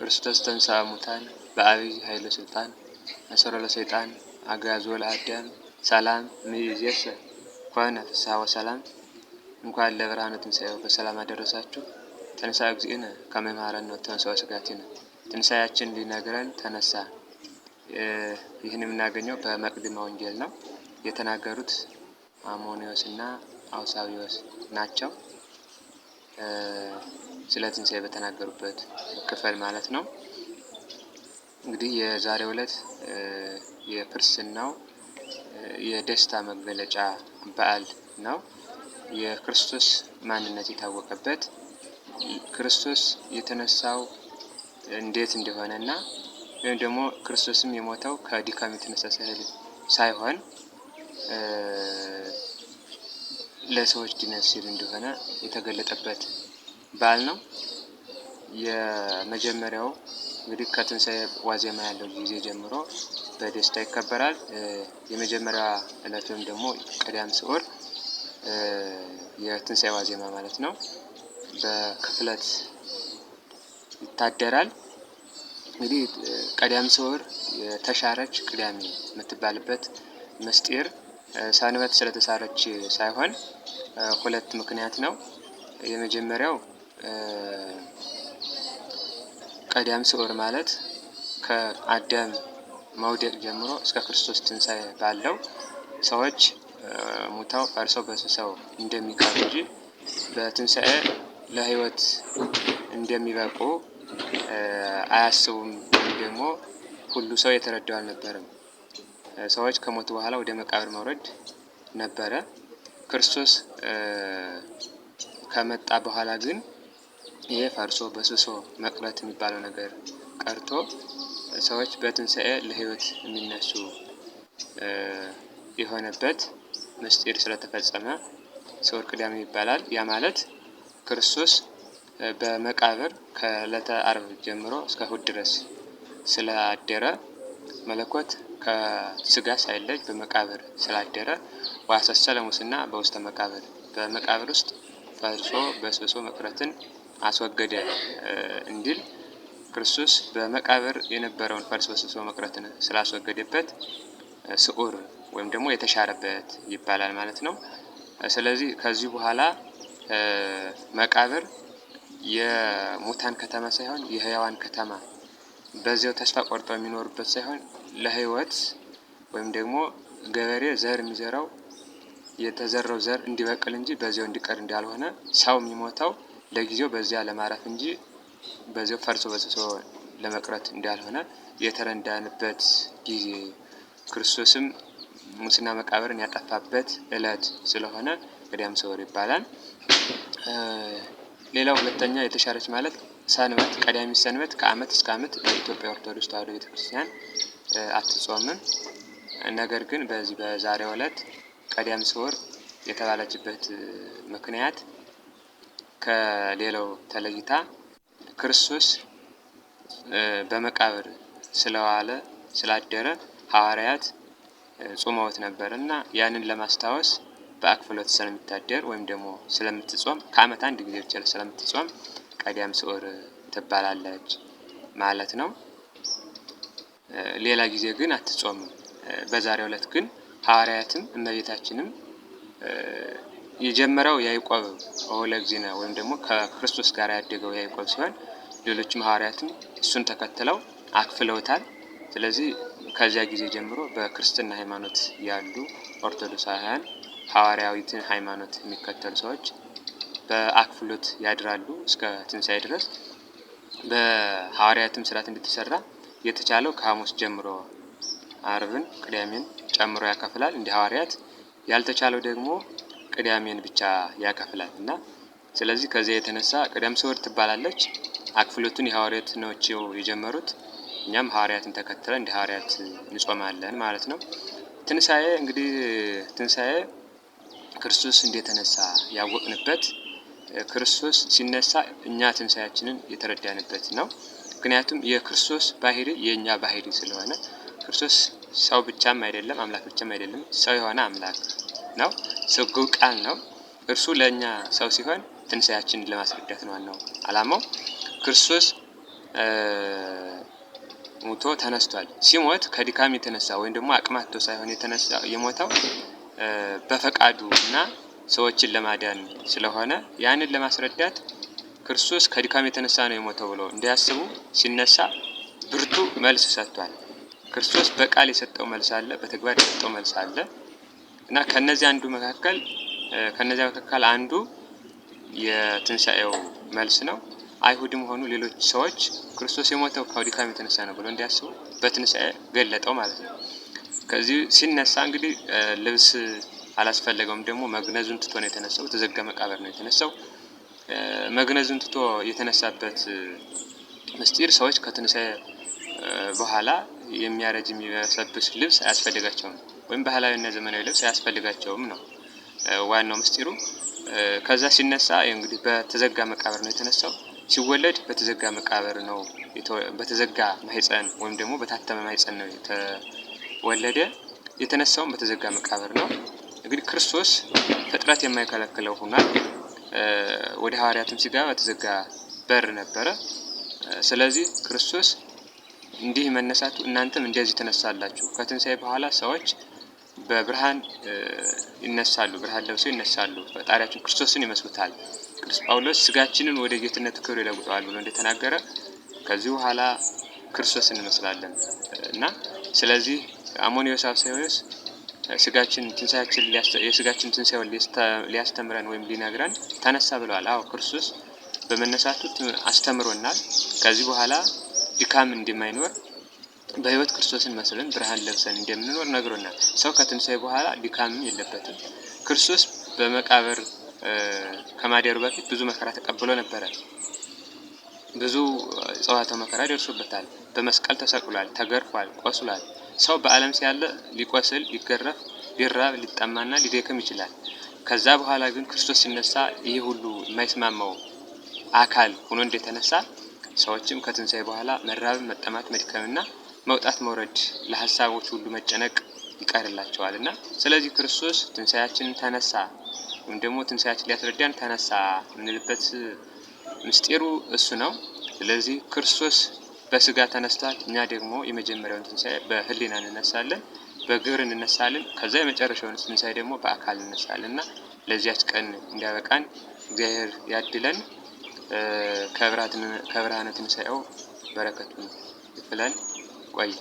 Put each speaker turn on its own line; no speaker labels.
ክርስቶስ ተንሥአ እሙታን በዓቢይ ኃይለ ስልጣን አሰሮ ለሰይጣን አግዓዞ ለአዳም ሰላም እምይእዜሰ ኮነ ፍስሐ ወሰላም። እንኳን ለብርሃነ ትንሣኤው በሰላም አደረሳችሁ። ተንሥአ እግዚእነ ከመ ይምሃረነ ወተንሥአ ሥጋቲነ፣ ትንሣኤያችን ሊነግረን ተነሳ። ይህን የምናገኘው በመቅድመ ወንጌል ነው። የተናገሩት አሞኒዎስ እና አውሳዊዎስ ናቸው። ስለ ትንሳኤ በተናገሩበት ክፍል ማለት ነው። እንግዲህ የዛሬው ዕለት የክርስትናው የደስታ መገለጫ በዓል ነው። የክርስቶስ ማንነት የታወቀበት ክርስቶስ የተነሳው እንዴት እንደሆነ እና ወይም ደግሞ ክርስቶስም የሞተው ከድካም የተነሳ ሳይሆን ለሰዎች ድነት ሲል እንደሆነ የተገለጠበት በዓል ነው። የመጀመሪያው እንግዲህ ከትንሳኤ ዋዜማ ያለው ጊዜ ጀምሮ በደስታ ይከበራል። የመጀመሪያ ዕለት ወይም ደግሞ ቀዳም ስዑር የትንሳኤ ዋዜማ ማለት ነው። በክፍለት ይታደራል። እንግዲህ ቀዳም ስዑር የተሻረች ቅዳሜ የምትባልበት ምስጢር ሰንበት ስለተሳረች ሳይሆን ሁለት ምክንያት ነው። የመጀመሪያው ቀዳም ስዑር ማለት ከአዳም መውደቅ ጀምሮ እስከ ክርስቶስ ትንሣኤ ባለው ሰዎች ሙታው ፈርሰው በስብሰው እንደሚቀሩ እንጂ በትንሣኤ ለሕይወት እንደሚበቁ አያስቡም። ወይም ደግሞ ሁሉ ሰው የተረዳው አልነበረም። ሰዎች ከሞቱ በኋላ ወደ መቃብር መውረድ ነበረ። ክርስቶስ ከመጣ በኋላ ግን ይሄ ፈርሶ በስሶ መቅረት የሚባለው ነገር ቀርቶ ሰዎች በትንሣኤ ለህይወት የሚነሱ የሆነበት ምስጢር ስለተፈጸመ ስውር ቅዳሜ ይባላል። ያ ማለት ክርስቶስ በመቃብር ከዕለተ አርብ ጀምሮ እስከ እሑድ ድረስ ስላደረ መለኮት ከስጋ ሳይለጅ በመቃብር ስላደረ ዋሰሰ ለሙስና በውስተ መቃብር በመቃብር ውስጥ ፈርሶ በስብሶ መቅረትን አስወገደ እንዲል ክርስቶስ በመቃብር የነበረውን ፈርሶ በስብሶ መቅረትን ስላስወገደበት ስዑር ወይም ደግሞ የተሻረበት ይባላል ማለት ነው። ስለዚህ ከዚህ በኋላ መቃብር የሙታን ከተማ ሳይሆን የህያዋን ከተማ በዚያው ተስፋ ቆርጠው የሚኖሩበት ሳይሆን ለህይወት ወይም ደግሞ ገበሬ ዘር የሚዘራው የተዘራው ዘር እንዲበቅል እንጂ በዚያው እንዲቀር እንዳልሆነ ሰው የሚሞተው ለጊዜው በዚያ ለማረፍ እንጂ በዚያው ፈርሶ በስብሶ ለመቅረት እንዳልሆነ የተረዳንበት ጊዜ ክርስቶስም ሙስና መቃብርን ያጠፋበት እለት ስለሆነ ገዳም ሰወር ይባላል። ሌላው ሁለተኛ የተሻረች ማለት ሰንበት፣ ቀዳሚ ሰንበት ከአመት እስከ አመት በኢትዮጵያ ኦርቶዶክስ ተዋሕዶ ቤተክርስቲያን አትጾምም። ነገር ግን በዚህ በዛሬው ዕለት ቀዳም ስዑር የተባለችበት ምክንያት ከሌላው ተለይታ ክርስቶስ በመቃብር ስለዋለ ስላደረ ሐዋርያት ጾመውት ነበር እና ያንን ለማስታወስ በአክፍሎት ስለምታደር ወይም ደግሞ ስለምትጾም ከዓመት አንድ ጊዜ ብቻ ስለምትጾም ቀዳም ስዑር ትባላለች ማለት ነው። ሌላ ጊዜ ግን አትጾምም። በዛሬው ዕለት ግን ሐዋርያትም እመቤታችንም የጀመረው ያዕቆብ ኦሆለግዜና ወይም ደግሞ ከክርስቶስ ጋር ያደገው ያዕቆብ ሲሆን ሌሎችም ሐዋርያትም እሱን ተከትለው አክፍለውታል። ስለዚህ ከዚያ ጊዜ ጀምሮ በክርስትና ሃይማኖት ያሉ ኦርቶዶክሳውያን ሐዋርያዊትን ሃይማኖት የሚከተሉ ሰዎች በአክፍሎት ያድራሉ እስከ ትንሣኤ ድረስ። በሐዋርያትም ስርዓት እንድትሰራ የተቻለው ከሐሙስ ጀምሮ አርብን ቅዳሜን ጨምሮ ያከፍላል። እንደ ሐዋርያት ያልተቻለው ደግሞ ቅዳሜን ብቻ ያከፍላል እና ስለዚህ ከዚያ የተነሳ ቅደም ስዑር ትባላለች። አክፍሎቱን የሐዋርያት ናቸው የጀመሩት። እኛም ሐዋርያትን ተከትለ እንደ ሐዋርያት እንጾማለን ማለት ነው። ትንሳኤ እንግዲህ ትንሳኤ ክርስቶስ እንደተነሳ ያወቅንበት ክርስቶስ ሲነሳ እኛ ትንሳያችንን የተረዳንበት ነው። ምክንያቱም የክርስቶስ ባህሪ የእኛ ባህሪ ስለሆነ ክርስቶስ ሰው ብቻም አይደለም፣ አምላክ ብቻም አይደለም፣ ሰው የሆነ አምላክ ነው። ስግው ቃል ነው። እርሱ ለእኛ ሰው ሲሆን ትንሳያችን ለማስረዳት ነው ዋናው አላማው። ክርስቶስ ሙቶ ተነስቷል። ሲሞት ከድካም የተነሳ ወይም ደግሞ አቅማቶ ሳይሆን የተነሳ የሞተው በፈቃዱ እና ሰዎችን ለማዳን ስለሆነ ያንን ለማስረዳት ክርስቶስ ከድካም የተነሳ ነው የሞተው ብሎ እንዲያስቡ ሲነሳ ብርቱ መልስ ሰጥቷል። ክርስቶስ በቃል የሰጠው መልስ አለ፣ በተግባር የሰጠው መልስ አለ እና ከነዚህ አንዱ መካከል ከነዚያ መካከል አንዱ የትንሣኤው መልስ ነው። አይሁድም ሆኑ ሌሎች ሰዎች ክርስቶስ የሞተው ከድካም የተነሳ ነው ብሎ እንዲያስቡ በትንሣኤ ገለጠው ማለት ነው። ከዚህ ሲነሳ እንግዲህ ልብስ አላስፈለገውም። ደግሞ መግነዙን ትቶ ነው የተነሳው። ተዘጋ መቃብር ነው የተነሳው። መግነዙን ትቶ የተነሳበት ምስጢር ሰዎች ከትንሣኤ በኋላ የሚያረጅ የሚበሰብስ ልብስ አያስፈልጋቸውም፣ ወይም ባህላዊና ዘመናዊ ልብስ አያስፈልጋቸውም ነው ዋናው ምስጢሩ። ከዛ ሲነሳ እንግዲህ በተዘጋ መቃብር ነው የተነሳው። ሲወለድ በተዘጋ መቃብር ነው በተዘጋ ማህፀን ወይም ደግሞ በታተመ ማህፀን ነው የተወለደ። የተነሳውም በተዘጋ መቃብር ነው። እንግዲህ ክርስቶስ ፍጥረት የማይከለክለው ሆኗል። ወደ ሐዋርያትም ሲገባ በተዘጋ በር ነበረ። ስለዚህ ክርስቶስ እንዲህ መነሳቱ እናንተም እንደዚህ ትነሳላችሁ። ከትንሣኤ በኋላ ሰዎች በብርሃን ይነሳሉ፣ ብርሃን ለብሰው ይነሳሉ። ፈጣሪያቸው ክርስቶስን ይመስሉታል። ቅዱስ ጳውሎስ ስጋችንን ወደ ጌትነት ክብር ይለውጠዋል ብሎ እንደተናገረ ከዚህ በኋላ ክርስቶስ እንመስላለን እና ስለዚህ አሞኒዮስ አብሳዊዎስ ስጋችን ትንሳያችን የስጋችን ትንሳኤውን ሊያስተምረን ወይም ሊነግረን ተነሳ ብለዋል። አዎ ክርስቶስ በመነሳቱ አስተምሮናል። ከዚህ በኋላ ድካም እንደማይኖር በህይወት ክርስቶስን መስለን ብርሃን ለብሰን እንደምንኖር ነግሮናል። ሰው ከትንሣኤ በኋላ ድካም የለበትም። ክርስቶስ በመቃብር ከማደሩ በፊት ብዙ መከራ ተቀብሎ ነበረ። ብዙ ጽዋተ መከራ ደርሶበታል። በመስቀል ተሰቅሏል፣ ተገርፏል፣ ቆስሏል። ሰው በዓለም ሲያለ ሊቆስል፣ ሊገረፍ፣ ሊራብ፣ ሊጠማና ሊደክም ይችላል። ከዛ በኋላ ግን ክርስቶስ ሲነሳ ይህ ሁሉ የማይስማማው አካል ሆኖ እንደተነሳ ሰዎችም ከትንሣኤ በኋላ መራብን፣ መጠማት፣ መድከምና መውጣት መውረድ ለሀሳቦች ሁሉ መጨነቅ ይቀርላቸዋል እና ስለዚህ ክርስቶስ ትንሳያችን ተነሳ ወይም ደግሞ ትንሳያችን ሊያስረዳን ተነሳ የምንልበት ምስጢሩ እሱ ነው። ስለዚህ ክርስቶስ በስጋ ተነስቷል። እኛ ደግሞ የመጀመሪያውን ትንሣኤ በህሊና እንነሳለን፣ በግብር እንነሳለን። ከዛ የመጨረሻውን ትንሣኤ ደግሞ በአካል እንነሳለን እና ለዚያች ቀን እንዲያበቃን እግዚአብሔር ያድለን። ከብርሃነ ትንሣኤው በረከቱ ይፍለን። ቆይ